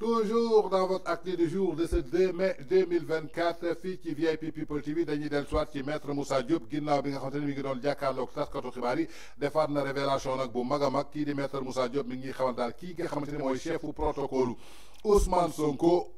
Toujours dans votre acte du jour de ce 2 mai 2024 fii ci VIP People TV dañuy dellu soit qui maître Moussa Diop qui n'a pas xamante ne mi ngi doon jàkkaarloog taskatu xibaar yi defaat na révélation nag bu mag qui mag kii maître Moussa Diop qui est le chef du protocole Ousmane Sonko.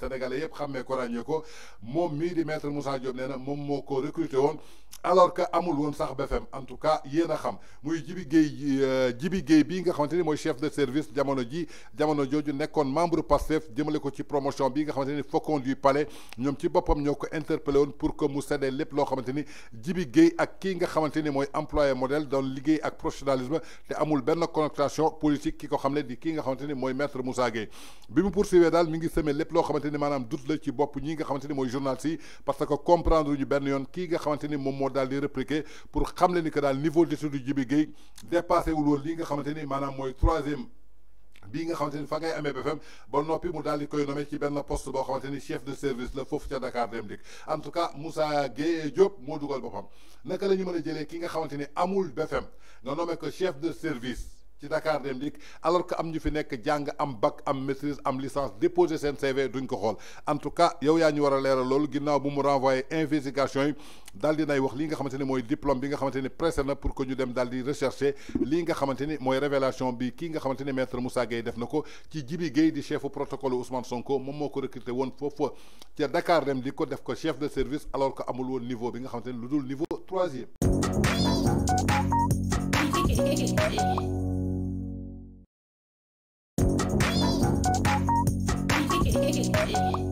sénégalais yëpp xàmmee ko ràññee ko moom mii di maître Moussa Diop nee na moom moo ko recruté woon alors que amul woon sax BFM en tout cas yéen a xam muy Jibi Guèye euh, Jibi Guèye bii nga xamante ni mooy chef de service jamono ji jamono jooju nekkoon membre Pastef jëmale ko ci promotion bi nga xamante ni faucon du palais ñoom ci boppam ñoo ko interpellé woon pour que mu séddee lépp loo xamante ni Jibi Guèye ak kii nga xamante ni mooy employé modèle doon liggéey ak professionnalisme te amul benn connotation politique ki ko xam ne di kii nga xamante ni mooy maître Moussa Guèye bi mu poursuivre daal mi ngi semé lépp loo xamante xamante ni doute la ci bop ñi nga xamanteni moy journal ci parce que comprendre ñu ben yoon ki nga xamanteni mom mo dal di répliquer pour xam le ni que dal niveau d'étude yu Djibi Gueye dépassé wul woon li nga xamanteni manam moy 3e bi nga xamanteni fa ngay amee BFM ba nopi mu dal di koy nommé ci ben poste bo xamanteni chef de service la fofu ci Dakar Dem dik en tout cas Moussa Gueye Diop mo dugal bopam naka lañu mëna jëlé ki nga xamanteni amul BFM nga nommé ko chef de service ci Dakar Dem dik alors que am ñu fi nek jang am bac am maîtrise am licence déposé sen CV duñ ko xol en tout cas yow ya ñu wara a lool ginnaw bu mu renvoyer investigation yi daal di nay wax li nga xamanteni moy diplôme bi nga xamanteni ni pressé na pour que ñu dem dal di rechercher li nga xamanteni moy révélation bi ki nga xamanteni maître Moussa Gueye def nako ci Djibi Gueye di chefu protocole Ousmane Sonko mom moko recruter won woon ci Dakar Dem Dikk ko def ko chef de service alors que amul won niveau bi nga xamanteni ni niveau 3e shit.